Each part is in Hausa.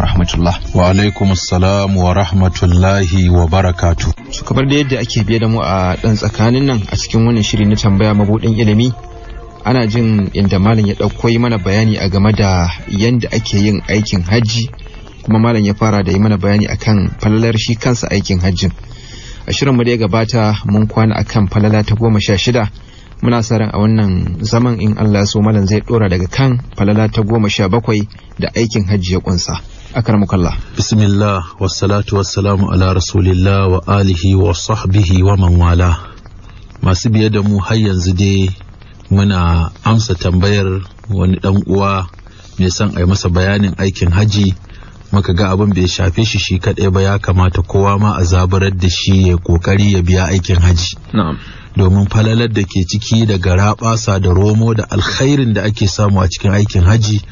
wa Wa alaikum assalam wa rahmatullahi wa barakatu. Su kamar da yadda ake biye da mu a ɗan tsakanin nan a cikin wannan shiri na tambaya mabudin ilimi ana jin inda malam ya ɗauko mana bayani a game da yanda ake yin aikin hajji kuma malam ya fara da yi mana bayani akan falalar shi kansa aikin hajjin a shirin mu da ya gabata mun kwana akan falala ta goma sha shida muna sa ran a wannan zaman in Allah so malam zai dora daga kan falala ta goma sha bakwai da aikin hajji ya kunsa akramukallah bismillah wassalatu wassalamu ala rasulillah wa alihi wa sahbihi wa man wala masu biye da mu har yanzu dai muna amsa tambayar wani ɗan uwa mai son a yi masa bayanin aikin haji muka ga abin bai shafe shi shi kaɗai ba ya kamata kowa ma a zaburar da shi ya ƙoƙari ya biya aikin haji domin falalar da ke ciki da garaɓasa da romo da alkhairin da ake samu a cikin aikin haji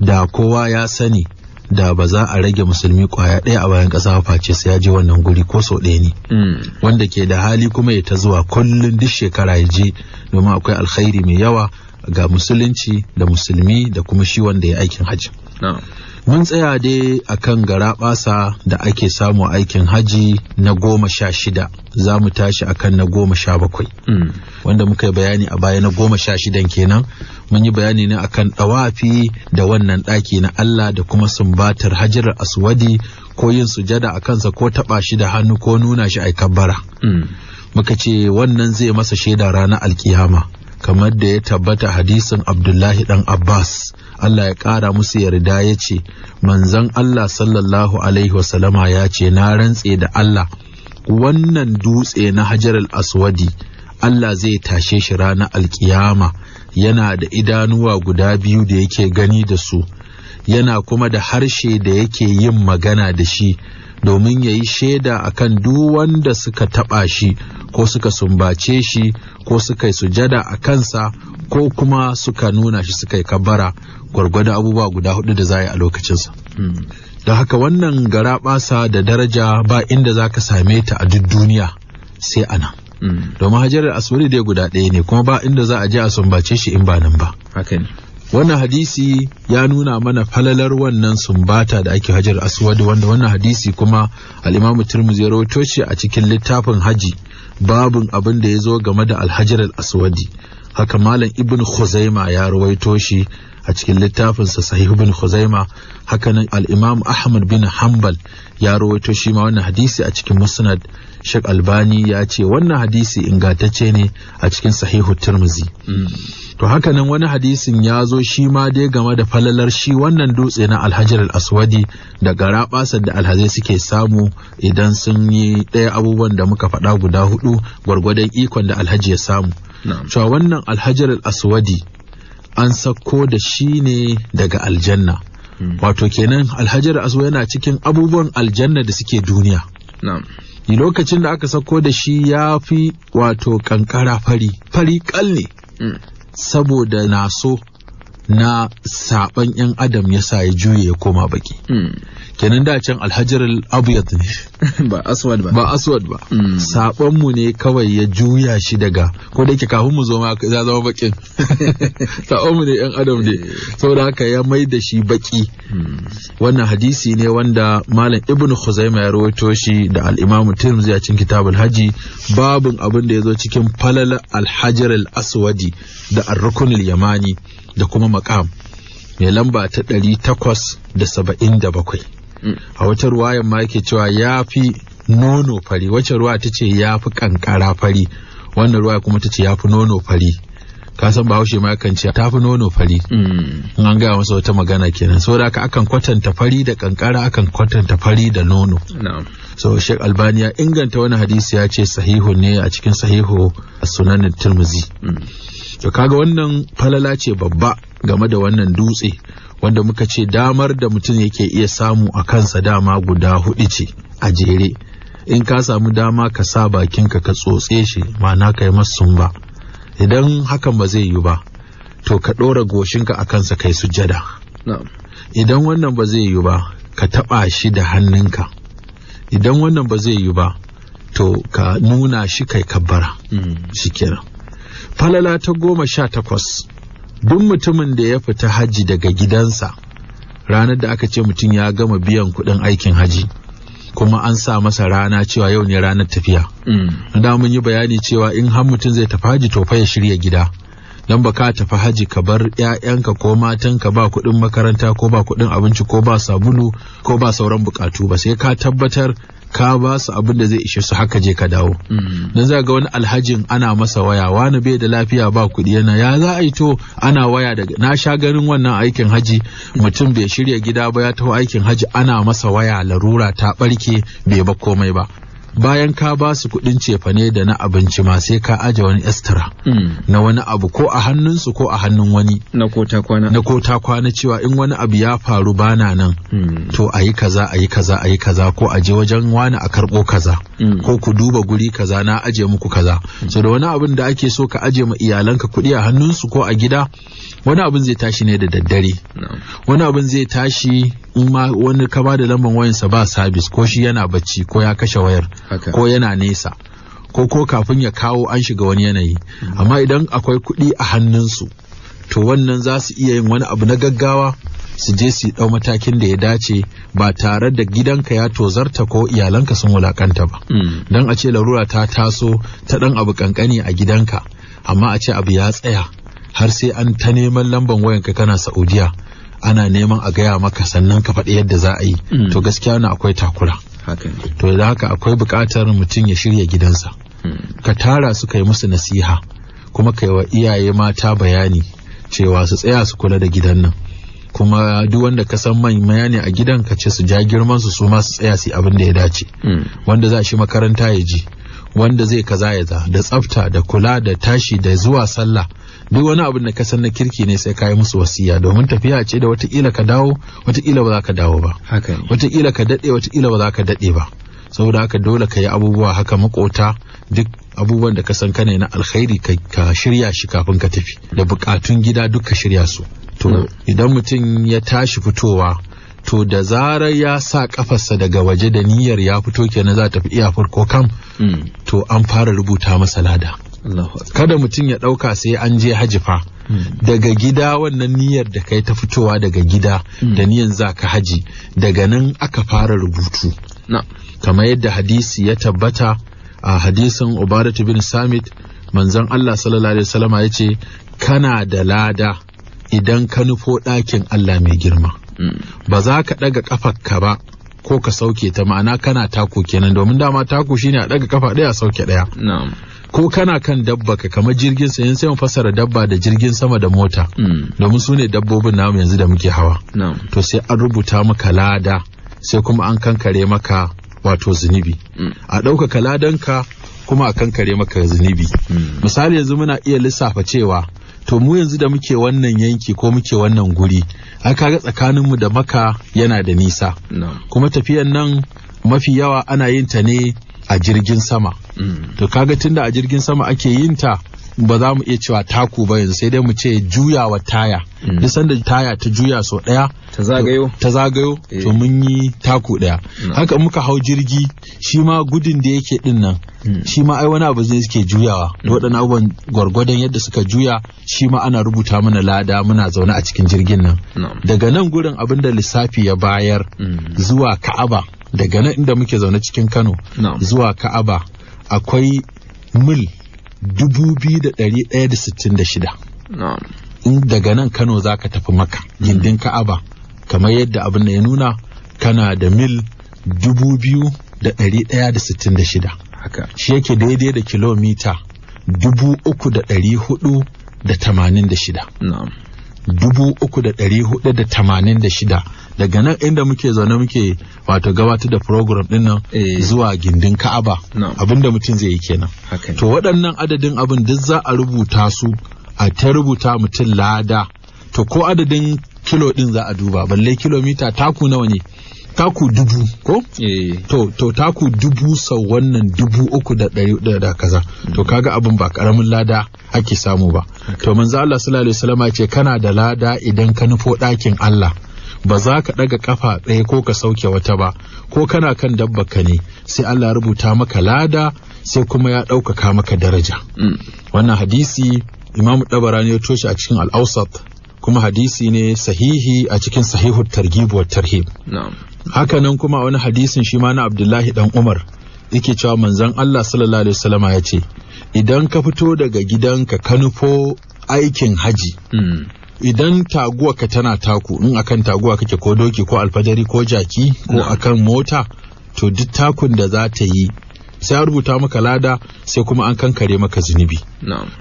da kowa ya sani da ba za a rage musulmi kwaya ɗaya a bayan ƙasa face sai ya je wannan guri ko sau ɗaya ne hmm. wanda ke da hali kuma ya ta zuwa kullum duk shekara ya je domin akwai alkhairi mai yawa ga musulunci da musulmi da kuma shi wanda ya aikin haji. Mun tsaya dai a kan garaɓasa da ake samu aikin haji na goma sha shida za mu tashi a kan na goma sha bakwai. Hmm. Wanda muka yi bayani a baya na goma sha shidan kenan mun yi bayani ne akan ɗawafi da wannan ɗaki na Allah da kuma sumbatar hajjar aswadi ko yin sujada a kansa ko taɓa shi da hannu ko nuna shi a kabbara. Hmm. Muka ce wannan zai masa shaida ranar alkiyama. kamar da ya tabbata hadisin Abdullahi ɗan Abbas, Allah ya ƙara musu yarda ya ce, Manzan Allah sallallahu Alaihi wasallama ya ce, Na rantse da Allah, wannan dutse na Hajar aswadi Allah zai tashe shi ranar alkiyama yana da idanuwa guda biyu da yake gani da su, yana kuma da harshe da yake yin magana da shi. domin ya yi shaida a kan wanda suka taɓa shi ko suka sumbace shi ko suka yi sujada a kansa ko kuma suka nuna shi suka yi kabara gwargwadon abubuwa guda hudu da za a yi lokacinsa. Hmm. Da haka wannan gara basa da daraja ba inda za ka same ta a duk duniya sai a nan. Hmm. Domin hajjar ya dai guda ɗaya ne kuma ba inda za a je a sumbace shi in ba nan ba. wannan hadisi ya nuna mana falalar wannan sumbata da ake hajar aswad wanda wannan hadisi kuma al'imamu turmuzi ya rawaito shi a cikin littafin haji babin abin da ya zo game da alhajar aswadi haka malam ibn khuzaima ya rawaito shi a cikin littafinsa sahih ibn khuzaima haka nan Al'imam ahmad bin hanbal ya rawaito shi ma wannan hadisi a cikin musnad Sheikh Albani ya ce wannan hadisi ingantacce ne a cikin sahihu Tirmizi. Hmm. To hakanan wani hadisin ya zo shi ma dai game da falalar shi wannan dutse na alhajar al-aswadi da basar da alhazai suke samu idan sun yi ɗaya abubuwan da muka faɗa guda hudu gwargwadon ikon da alhaji ya samu. Cewa wannan alhajar al-aswadi an sako da shi ne daga aljanna. Hmm. Wato kenan alhajar al-aswadi yana cikin abubuwan aljanna da suke duniya. Lokacin da aka sako da shi ya fi wato kankara fari, fari kal ne. Hmm. saboda na so na saban yan adam ya sa ya juye ya koma baki hmm. kenan da can alhajar abuyat ne ba aswad ba ba aswad ba hmm. saban mu ne kawai ya juya shi daga ko da yake kafin mu zo ma za zama bakin saban mu ne yan adam ne eh. saboda haka ya mai da shi baki hmm. wannan hadisi ne wanda malam ibnu khuzaima ya rawaito shi da al-imam tirmidhi a cikin kitabul haji babun abin da ya zo cikin falal alhajar al-aswadi da ar-rukun al-yamani da kuma makam mai lamba ta ɗari takwas da saba'in da bakwai mm. a wata ruwayan ma yake cewa ya fi nono fari wacce ruwa ta ce ya fi kankara fari wannan ruwa kuma ta ce ya fi nono fari ka san bahaushe ma kan ce ta fi nono fari mm. in an gaya masa wata magana kenan saboda haka akan kwatanta fari da kankara akan kwatanta fari da nono so shek Albani ya inganta wani hadisi ya ce sahihu ne a cikin sahihu a sunanin Turmuzi. to kaga wannan falala ce babba game da wannan dutse wanda muka ce damar da mutum yake iya samu a kansa dama guda hudu ce a jere in ka samu dama ka sa bakinka ka tsotse shi ma'ana ka yi masu ba idan hakan ba zai yi ba to ka ɗora goshinka a kansa kai sujjada. idan wannan ba zai yi ba ka taɓa shi da hannunka idan wannan ba zai yi ba to ka nuna shi kai kabbara mm. shi kenan falala ta goma sha takwas duk mutumin da ya fita haji daga gidansa ranar da aka ce mutum ya gama biyan kuɗin aikin haji kuma an sa masa rana cewa yau ne ranar tafiya. Mm. Da mun yi bayani cewa in har mutum zai tafi haji to fa ya shirya gida. don ba ka tafi haji ka bar 'ya'yanka ko matan ka ba kuɗin makaranta ko ba kuɗin abinci ko ba sabulu ko ba sauran buƙatu ba sai ka tabbatar ka ba su abin da zai ishe su haka je ka dawo. Mm. Don za ga wani alhajin ana masa waya wani bai da lafiya ba kuɗi yana ya za a yi to ana waya daga na sha ganin wannan aikin haji mutum bai shirya gida ba ya taho aikin haji ana masa waya larura ta ɓarke bai ba komai ba. bayan ka ba su kuɗin cefane da na abinci ma sai ka aje wani estra. mm. na wani abu ko a hannunsu ko a hannun wani na ko ta kwana na ko kwana cewa in wani abu ya faru bana nan hmm. to a yi kaza a yi kaza a yi kaza ko a je wajen wani a karɓo kaza hmm. ko ku duba guri kaza na aje muku kaza hmm. so da wani abin da ake so ka aje ma iyalanka kuɗi a hannunsu ko a gida wani abin zai tashi ne da daddare wani abin zai tashi in ma wani kama ba da lambar sa ba sabis ko shi yana bacci ko ya kashe wayar ko yana nesa ko ko kafin ya kawo an shiga wani yanayi mm. amma idan akwai kuɗi a hannun su to wannan za su iya yin wani abu na gaggawa su je su ɗau matakin da ya dace ba tare da gidanka ya tozarta ko iyalanka sun wulakanta ba mm. don a ce larura ta taso ta ɗan abu kankani a gidanka amma a ce abu ya tsaya har sai an ta neman lamban wayanka kana saudiya ana neman a gaya maka sannan ka faɗi yadda za a yi mm. to gaskiya na akwai takura to idan haka akwai buƙatar mutum ya shirya gidansa mm. ka tara su kai musu nasiha kuma kai wa iyaye mata bayani cewa su tsaya su kula da gidan nan kuma duk wanda ka san maya ne a gidan ka ce su ja girman su su ma su tsaya su abin da ya dace mm. wanda za shi makaranta ya ji wanda zai kaza ya za da tsafta da kula da tashi da zuwa sallah duk wani abin da ka san na kirki ne sai ka yi musu wasiya domin tafiya ce da wataƙila ka dawo wataƙila ba za ka dawo ba wataƙila ka daɗe wataƙila ba za ka daɗe ba saboda haka dole ka yi abubuwa haka makota duk abubuwan da ka san kane na alkhairi ka shirya shi kafin ka tafi da bukatun gida duk ka shirya su to idan mutum ya tashi fitowa to da zarar ya sa kafarsa daga waje da niyyar ya fito kenan za ta fi iya farko kam mm. to an fara rubuta masa lada kada mutum ya ɗauka sai an je haji fa hmm. daga gida wannan niyyar da kai ta fitowa daga gida hmm. da niyyar za ka haji daga nan aka fara rubutu kamar yadda hadisi ya tabbata a hadisin ubaratu bin samit manzon Allah sallallahu alaihi wasallama ya ce kana da lada idan ka nufo ɗakin Allah mai girma hmm. ba za ka ɗaga ƙafarka ba ko ka sauke ta ma'ana kana tako kenan domin dama tako shine a ɗaga kafa ɗaya sauke ɗaya ko kana kan dabba ka kamar jirgin sa sai mu fassara dabba da jirgin sama da mota hmm. domin su ne dabbobin namu yanzu da muke hawa to sai an rubuta maka lada sai kuma an kankare maka wato zunubi hmm. a ɗaukaka ka kuma a kankare maka zunubi hmm. misali yanzu muna iya lissafa cewa to mu yanzu da muke wannan yanki ko muke wannan guri aka tsakanin tsakaninmu da maka yana da nisa kuma tafiyan nan mafi yawa ana yin ta ne a jirgin sama to kaga tunda a jirgin sama ake yin ta ba za mu iya cewa taku ba yanzu sai dai mu ce juyawa taya mm. duk sanda taya ta juya so daya ta zagayo ta zagayo to eh. mun yi taku daya mm. haka muka hau jirgi shi ma gudun da yake din nan mm. shi ma ai wani abu zai suke juyawa da waɗannan abubuwan gwargwadon yadda suka juya shi ma ana rubuta mana lada muna zaune a cikin jirgin nan daga nan gurin abin da lissafi ya bayar zuwa ka'aba daga nan inda muke zaune cikin kano zuwa ka'aba akwai mil 2,166 in daga nan kano za ka tafi maka gindin ka'aba kamar yadda abin da ya nuna kana da mil 2,166 shi yake daidai da kilomita dubu uku da da ɗari shida. Dubu uku da da shida daga nan inda muke zaune muke wato gabatar da program din nan eh. zuwa gindin Ka'aba abinda mutum zai yi kenan to waɗannan adadin abin duk za a rubuta su a ta rubuta mutum lada to ko adadin kilo din za a duba balle kilomita taku nawa ne taku dubu ko? Eh. to to taku dubu sau wannan dubu uku da ɗari da, da kaza to mm. kaga abin ba karamin lada ake samu ba to manzo Allah sallallahu alaihi wasallam ce kana da lada idan ka nufo ɗakin Allah ba za ka ɗaga kafa ɗaya ko ka sauke wata ba ko kana kan dabba ka ne sai Allah rubuta maka lada sai kuma ya ɗaukaka maka daraja mm. wannan hadisi Imam Dabarani ya toshe a cikin Al-Awsat kuma hadisi ne sahihi a cikin sahihu targhib wa tarhib haka nan kuma wani hadisin shi ma na abdullahi dan umar yake cewa manzon allah sallallahu alaihi wasallama ya ce idan ka fito daga gidanka ka nufo aikin haji hmm. idan taguwa ka tana taku in akan taguwa kake ko doki ko alfajari ko jaki ko akan mota to duk takun da za ta yi sai a rubuta maka lada sai kuma an kankare maka zunubi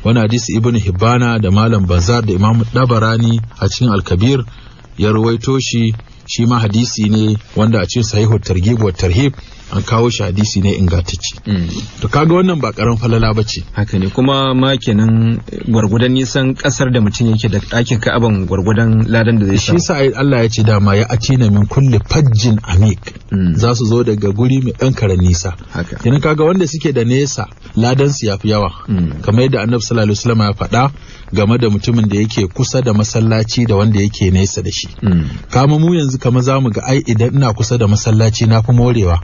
wani hadisi ibn hibbana da malam bazar da imam dabarani a cikin alkabir ya ruwaito shi shi ma hadisi ne wanda a ce sahihu targhib wa tarhib an kawo shi hadisi ne ingantacce mm. to kaga wannan ba karan falala ba ce haka ne kuma ma kenan gwargwadon nisan kasar da mutum yake da ɗakin ka'aban gwargwadon ladan da zai shi sa Allah ya ce dama ya na min kulle fajjin amik mm. za su zo daga guri mai ɗan karan nisa kenan kaga wanda suke da nesa ladan su yafi yawa mm. kamar yadda annabi sallallahu alaihi wasallam ya faɗa game da mutumin da yake kusa da masallaci da wanda yake nesa da shi kama mu yanzu kamar zamu mu ga ai idan ina kusa da masallaci na fi morewa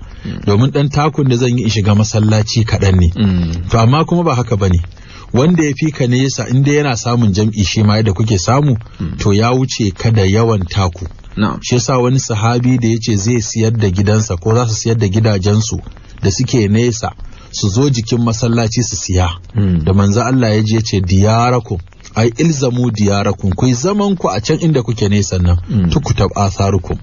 domin ɗan takun da zan yi in shiga masallaci kaɗan ne mm. to amma kuma ba haka bane wanda ya fika nesa inda yana samun jam'i shi ma yadda kuke samu mm. to ya wuce kada yawan taku shi yasa wani sahabi da ya ce zai siyar da gidansa ko za su siyar da gidajensu da suke nesa su zo jikin masallaci su siya mm. da manzo Allah ya je ce diyarakum ai ilzamu diyarakum ku zaman ku a can inda kuke ne sannan mm. tukutab atharukum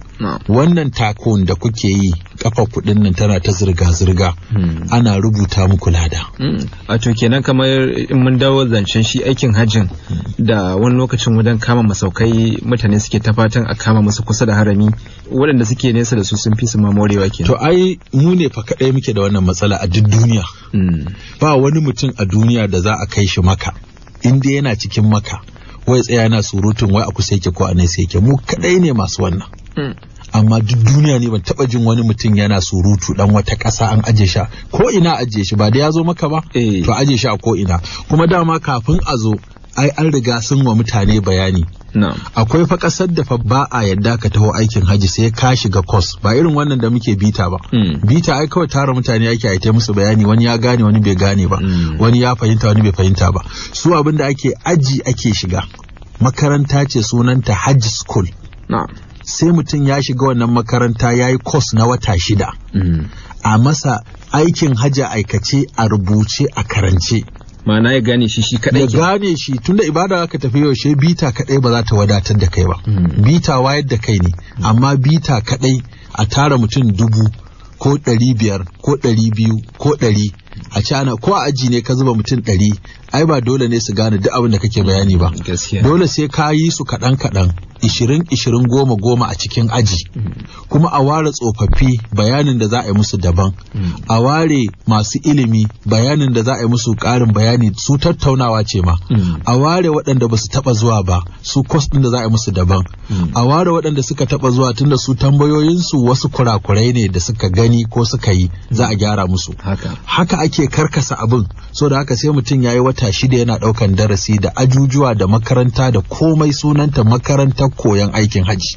wannan takon da kuke yi kafa kudin nan tana ta zirga zirga hmm. ana rubuta muku lada hmm. a to kenan kamar in mun dawo zancen shi aikin hajjin da wani lokacin wajen kama masaukai mutane suke ta fatan a kama musu kusa da harami waɗanda suke nesa da su sun fi su ma kenan to ai mu ne fa kadai muke da wannan matsala a duk duniya hmm. ba wani mutum a duniya da za a kai shi maka in dai yana cikin maka wai tsaya yana surutun wai a kusa yake ko a nesa yake mu kadai ne masu wannan hmm. amma duk duniya ne ban taba jin wani mutum yana surutu dan wata kasa an aje shi ko ina aje shi ba da ya zo maka ba eh. to aje shi a ko ina kuma dama kafin a zo ai an riga sun wa mutane bayani akwai fa kasar da fa ba a yadda ka taho aikin haji sai ka shiga kos ba irin wannan da muke bita ba hmm. bita ai kawai tara mutane ake aita musu bayani wani ya gane wani bai gane ba hmm. wani ya fahimta wani bai fahimta ba su abin da ake aji ake shiga makaranta ce sunanta haji school sai mutum ya shiga wannan makaranta ya yi kos na wata shida hmm. a masa aikin haji aikace a rubuce a karance ma'ana ya gane shi shi kadai ya gane shi tunda ibada ka tafi yaushe bita kadai ba za ta wadatar da kai ba hmm. bita wayar da kai ne amma bita kadai a tara mutum dubu ko ɗari biyar ko ɗari biyu ko ɗari a cana ko a aji ne ka zuba mutum ɗari ai ba dole ne su gane duk abin da kake bayani ba dole sai ka yi su kaɗan kaɗan ishirin ishirin goma goma a cikin aji kuma a ware tsofaffi bayanin da za a yi musu daban a ware masu ilimi bayanin da za a yi musu ƙarin bayani su tattaunawa ce ma a ware waɗanda ba su taɓa zuwa ba su kwas ɗin da za a yi musu daban a ware waɗanda suka taɓa zuwa tun da su tambayoyinsu wasu kurakurai ne da suka gani ko suka yi za a gyara musu haka, haka ake karkasa abin so da haka sai mutum ya yi wata shida yana ɗaukan darasi da ajujuwa da makaranta da komai sunanta makaranta koyon aikin haji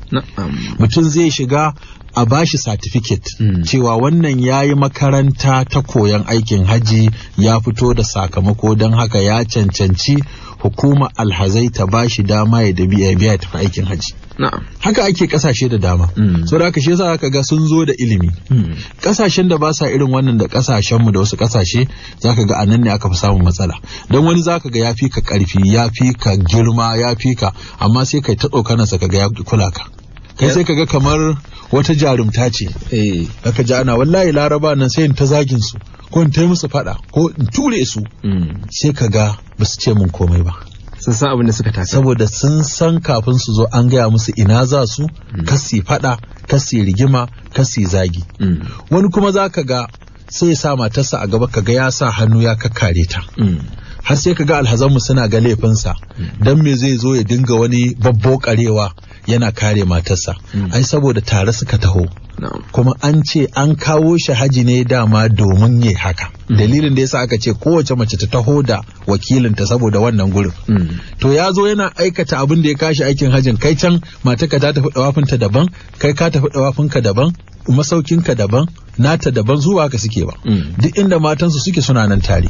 mutum zai shiga a bashi certificate hmm. cewa wannan ya yi makaranta ta koyon aikin haji ya fito da sakamako don haka ya cancanci hukuma alhazai ta ba shi dama ya dabi ya biya ta aikin haji haka ake kasashe da dama hmm. saboda haka shi yasa aka ga sun zo da ilimi hmm. kasashen da ba sa irin wannan da kasashen mu da wasu kasashe zaka ga anan ne aka fi samu matsala dan wani zaka ga yafi ka karfi ya ka girma ya fi ka amma sai kai ta tsokanarsa ga ya kula ka kai sai kaga kamar wata jarumta ce eh aka ji ana wallahi laraba nan sai in ta zagin su ko in ta yi musu fada ko in ture su mm. sai ka ga ba su ce mun komai ba sun san abin da suka tafi saboda sun san kafin su zo an gaya musu ina za su mm. kasi fada kasi rigima kasi zagi mm. wani kuma za ka ga sai sa matarsa a gaba ka ga ya sa hannu ya kakkare ta har sai ka ga alhazanmu suna ga laifinsa don me zai zo ya dinga wani babbo karewa yana kare matarsa hmm. ai saboda tare suka taho kuma an ce an kawo shi haji ne dama domin yi haka hmm. dalilin da yasa aka ce kowace mace ta taho da wakilinta saboda wannan gurin hmm. to ya zo yana aikata abin da ya kashi aikin hajin kai can matarka ta tafi dawafinta daban kai ka tafi dawafinka daban masaukinka daban nata daban zuwa ka suke ba mm. duk inda matansu suke suna nan tare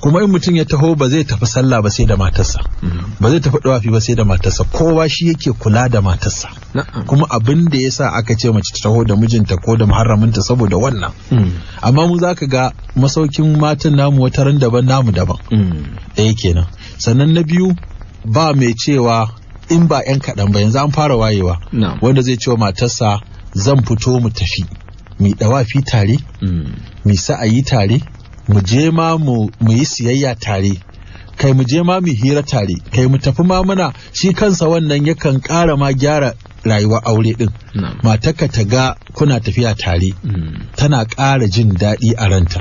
kuma in mutum ya taho ba zai tafi sallah ba sai da matarsa mm-hmm. ba zai tafi dawafi ba sai da matarsa kowa shi yake kula da matarsa kuma abin da sa aka ce mace ta taho da mijinta ko da muharraminta saboda wannan mm. amma mu zaka ga masaukin matan namu wata ran daban namu daban mm. ɗaya kenan sannan na biyu ba mai cewa in ba 'yan kaɗan ba yanzu an fara wayewa wanda zai ce wa matarsa zan fito mu tafi mu dawafi tare mu mm. sa'ayi tare mu je ma mu yi siyayya tare kai mu je ma mu hira tare kai mu tafi ma muna shi kansa wannan yakan ƙara ma gyara rayuwar aure din matarka ta ga kuna tafiya tare mm. tana ƙara jin daɗi a ranta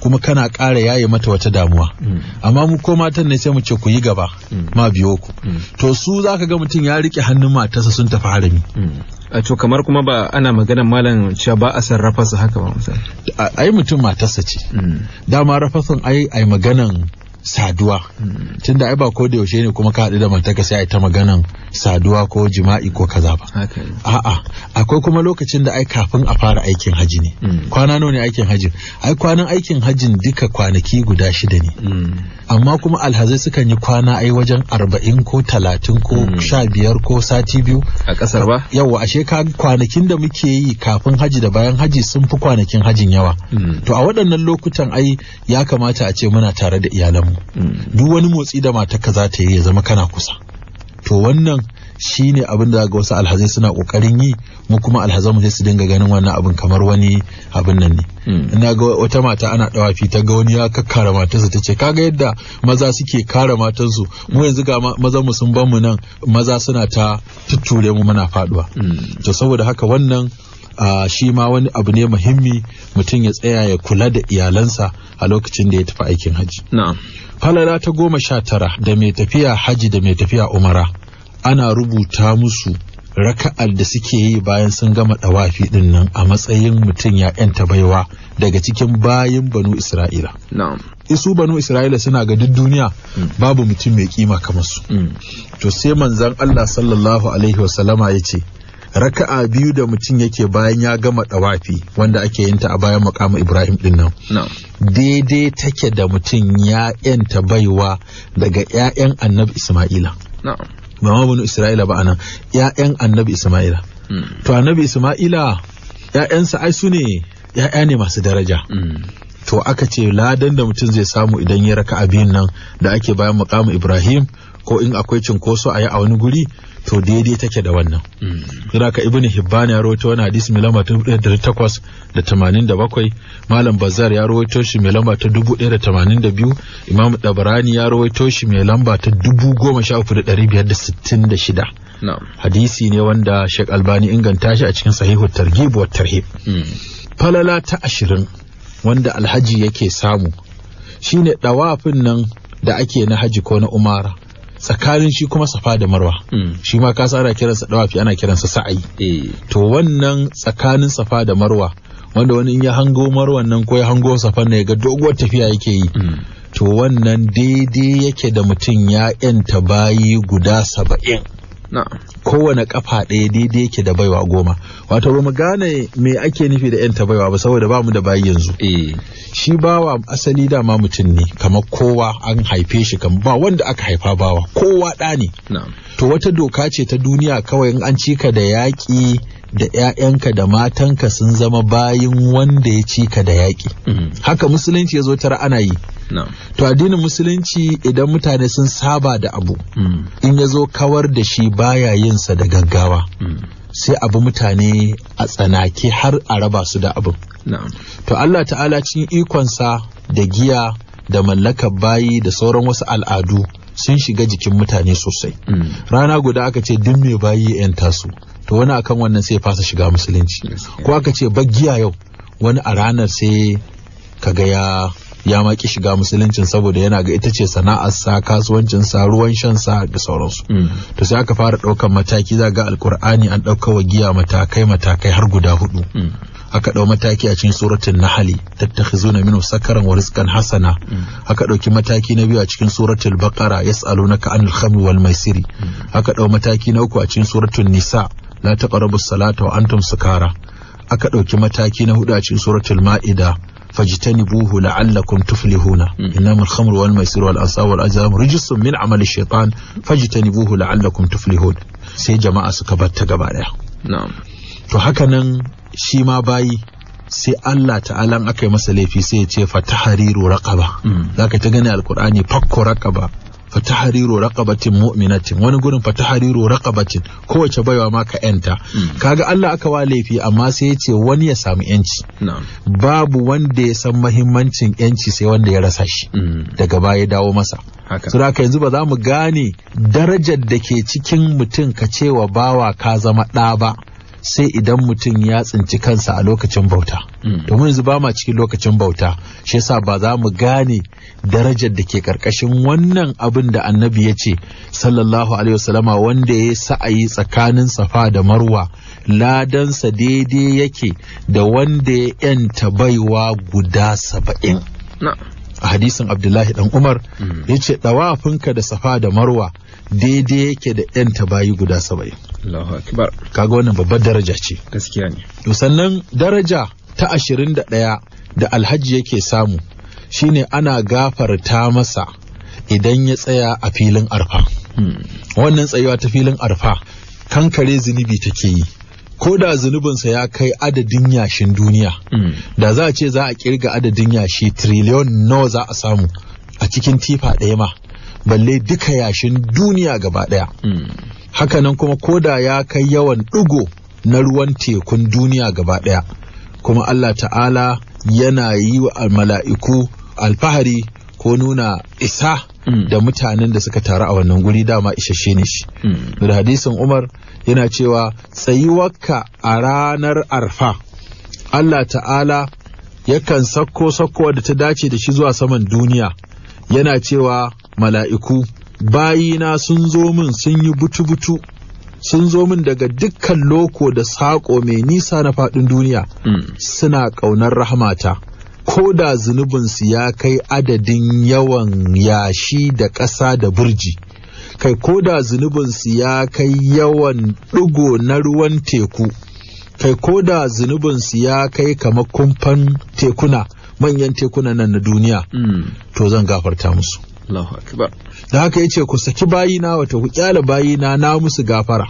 kuma kana ƙara yaye mata wata damuwa mm. amma mu ko matan ne sai mu ce ku yi gaba ma biyo ku to su zaka ga mutum ya riƙe hannun matarsa sun tafi harami to kamar kuma ba ana magana malam cewa ba a sarrafa su haka ba ai mutum matarsa ce hmm. dama rafasan ai ai maganan saduwa tunda ai ba ko da yaushe ne kuma ka haɗu da mataka sai ai ta maganan saduwa ko jima'i ko kaza ba a'a akwai kuma lokacin da ai kafin a fara aikin haji ne hmm. kwana nawa ne aikin haji? ai kwanan aikin hajin duka kwanaki guda shida ne hmm. amma kuma alhazai sukan yi kwana ai wajen arba'in ko talatin ko hmm. sha biyar ko sati biyu a kasar ba yawa ashe ka kwanakin da muke yi kafin haji da bayan haji sun fi kwanakin hajin yawa to a waɗannan lokutan ai ya kamata a ce muna tare da iyalanmu duk wani motsi da matarka za ta yi ya zama kana kusa to wannan shine abin da ga wasu alhazai suna kokarin yi mu kuma alhazan mu sai su dinga ganin wannan abin kamar wani abin nan ne hmm. ina ga wata mata ana dawafi ta ga wani ya kakkara matarsa ta ce kaga yadda maza suke kare matansu mu yanzu ga maza mu sun ban mu nan maza suna ta tutture mu muna faduwa hmm. to saboda haka wannan Uh, shi ma wani abu ne muhimmi mutum ya tsaya ya kula da iyalansa a lokacin da ya tafi aikin haji. Falala ta goma sha tara da mai tafiya haji da mai tafiya umara. ana rubuta musu raka'ar da suke yi bayan sun gama ɗawafi din nan a matsayin mutum ya ‘yanta baiwa daga cikin bayin banu Isra'ila. Isu banu Isra'ila suna ga duk duniya mm. babu mutum mai kima kamar su. Mm. To sai manzan Allah sallallahu Alaihi wasallama ya ce, raka'a biyu da mutum yake bayan ya gama ɗawafi wanda ake yin ta a bayan makamu Ibrahim din nan. Daidai take da mutum ya ‘yanta baiwa daga ‘ya'yan annabi Ismaila. ba ma isra'ila ba anan ya'yan annabi isma'ila hmm. to annabi isma'ila ya'yansa ai su ne ya'ya ne masu daraja hmm. to aka ce ladan da mutum zai samu idan ya raka abin nan da ake bayan mukamin ibrahim ko in akwai cinkoso a yi a wani guri to daidai take da wannan mm. saboda ka ibnu hibban ya rawaito wani hadisi mai lamba ta 1887 malam Bazar ya rawaito shi mai lamba ta biyu. imam dabrani ya rawaito shi mai lamba ta shida. hadisi ne wanda Sheikh Albani inganta shi a cikin sahihu targhib wa tarhib mm. falala ta 20 wanda alhaji yake samu shine dawafin nan da ake na haji ko na umara tsakanin shi kuma safa da marwa hmm. shi ma kasa ana kiransa dawafi ana kiransa sa'ayi eh. to wannan tsakanin safa da marwa wanda wani in ya hango marwan nan ko ya hango safan ya ga doguwar tafiya yake yi hmm. to wannan daidai yake da mutum ya yanta bayi guda saba'in kowane kafa ɗaya daidai yake da baiwa goma wato ba mu gane me ake nufi da yan baiwa ba saboda ba mu da bayi yanzu eh. shi bawa asali dama mutum ne kamar kowa an haife shi kamar ba wanda aka haifa bawa kowa ɗa ne to wata doka ce ta duniya kawai in an cika da yaƙi da 'ya'yanka da matanka sun zama bayin wanda ya cika da yaƙi mm-hmm. haka musulunci ya zo tara ana yi to addinin musulunci idan mutane sun saba da abu hmm. in ya zo kawar da shi baya yin sa da gaggawa hmm. sai abu mutane a tsanake har a raba su da abu to Allah ta'ala cikin ikonsa da giya da mallakar bayi da sauran wasu al'adu sun shiga jikin mutane sosai hmm. rana guda aka ce duk mai bayi 'yan tasu to wani akan wannan sai fasa shiga musulunci ko aka ce baggiya yau wani a ranar sai kaga ya ya ma ki shiga musuluncin saboda yana ga ita ce sana'ar sa kasuwancin sa ruwan shan sa da sauransu mm. to sai aka fara ɗaukan mataki za ga alkur'ani an ɗauka wa giya matakai matakai har guda hudu mm. aka ɗau mataki a cikin suratul nahli tattakhizuna minhu sakaran wa rizqan hasana mm. aka ɗauki mataki na biyu a cikin suratul baqara yas'alunaka anil khamri wal maisiri aka ɗau mataki na uku a cikin suratul nisa la taqrabus salata wa antum sukara aka ɗauki mataki na hudu a cikin suratul ma'ida fajtanibuhu la'allakum tuflihuna innamal khamru wal maisir wal ansab wal azlam rijsun min amali shaitan fajtanibuhu la'allakum tuflihun sai jama'a suka batta gaba daya na'am to haka nan shi ma bayi sai Allah ta'ala aka yi masa laifi sai ya ce fatahariru raqaba zaka ta gani alqur'ani fakko raqaba fatahariru raqabatin mu'minatin wani gurin fatahariru raqabatin kowace baiwa ma ka yanta hmm. kaga Allah aka wa laifi amma sai ya ce wani ya samu yanci babu wanda ya san mahimmancin yanci sai wanda ya rasa shi hmm. daga baya ya dawo masa Haka da yanzu ba za mu gane darajar da ke cikin mutum ka cewa bawa ka zama ɗa ba sai idan mutum ya tsinci kansa a lokacin bauta hmm. domin yanzu ba ma cikin lokacin bauta shi yasa ba za mu gane darajar da ke karkashin wannan abin da annabi ya ce sallallahu alaihi wasallama wanda ya sa'ayi tsakanin safa da marwa ladansa daidai yake da wanda ya yanta baiwa guda saba'in a hadisin abdullahi dan umar hmm. ya ce ɗawafinka da safa da marwa daidai yake da yan bayi guda saba'in kaga wannan babbar daraja ce gaskiya ne to sannan daraja ta ashirin da ɗaya da alhaji yake samu shine ana gafarta masa idan ya tsaya a filin arfa hmm. wannan tsayuwa ta filin arfa kankare zunubi take yi ko da zunubinsa ya kai adadin yashin duniya hmm. da za a ce za a kirga adadin yashi triliyon nawa za a samu a cikin tifa ɗaya ma balle duka yashin duniya gaba ɗaya hmm. hakanan kuma koda ya kai yawan ɗigo na ruwan tekun duniya gaba ɗaya kuma Allah ta'ala yana yi wa mala'iku alfahari ko nuna isa hmm. da mutanen da suka taru a wannan guri dama isasshe ne shi. Mm. Da hadisin Umar yana cewa tsayuwarka a ranar arfa Allah ta'ala yakan sakko sakko da ta dace da shi zuwa saman duniya yana cewa mala'iku bayina sun zo min sun yi butu-butu sun zo min daga dukkan loko da saƙo mai nisa na faɗin duniya mm. suna ƙaunar rahmata ko da zunubinsu ya kai adadin yawan yashi da ƙasa da burji kai ko da zunubinsu ya kai yawan ɗigo na ruwan teku kai ko da zunubinsu ya kai kamar kumfan tekuna manyan tekuna nan na duniya hmm. to zan gafarta musu Allahu akbar da haka yace ku saki bayina wato ku kyala bayina na musu gafara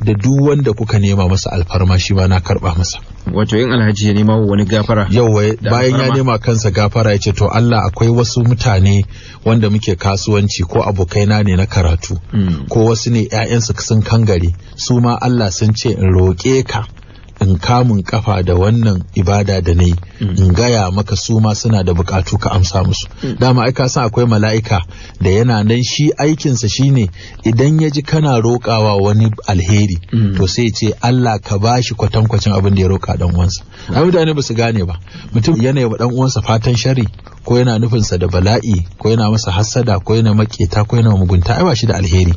da duk wanda kuka nema masa alfarma shi ma na karba masa wato yin alhaji ya nema wani gafara yawa bayan ya nema kansa gafara ya ce to Allah akwai wasu mutane wanda muke kasuwanci ko abokaina ne na karatu hmm. ko wasu ne 'ya'yansu sun kangare su ma Allah sun ce in roƙe ka in kamun kafa da wannan ibada da yi. Mm. in gaya maka su ma suna da bukatu ka amsa musu mm. dama ai ka san akwai mala'ika da yana nan shi aikinsa shine idan ya ji kana rokawa wani alheri mm. to sai ce Allah ka bashi kwatankwacin abin da ya roka dan uwansa ai mutane ba su gane ba mutum yana yi dan uwansa fatan shari ko yana nufinsa da bala'i ko yana masa hassada ko yana maketa ko yana mugunta ai ba shi da alheri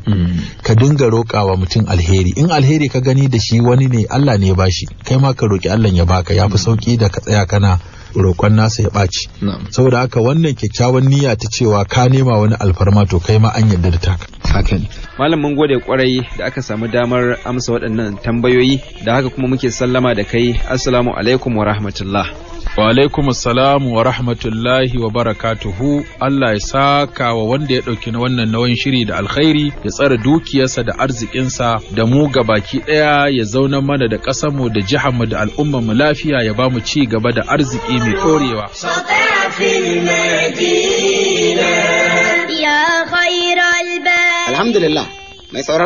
ka dinga rokawa mutum alheri in alheri ka gani da shi wani ne Allah ne ya bashi kai ma ka roki Allah ya baka ya fi sauki da ka tsaya kana roƙon nasa ya ɓaci. Saboda haka wannan kyakkyawan niyya ta cewa ka nema wani alfarma to kai ma an yarda da taka. Hakan. Malam mun gode kwarai da aka samu damar amsa waɗannan tambayoyi da haka kuma muke sallama da kai. Assalamu alaikum wa rahmatullah. Walaikum salam wa rahmatullahi wa barakatuhu Allah ya saka wa wanda ya ɗauki na wannan nawan shiri da alkhairi ya tsara dukiyarsa da arzikinsa da mu ga baki ɗaya ya zauna mana da ƙasarmu da jiharmu da mu lafiya ya ba mu ci gaba da arziki mai ɗorewa. Alhamdulillah, mai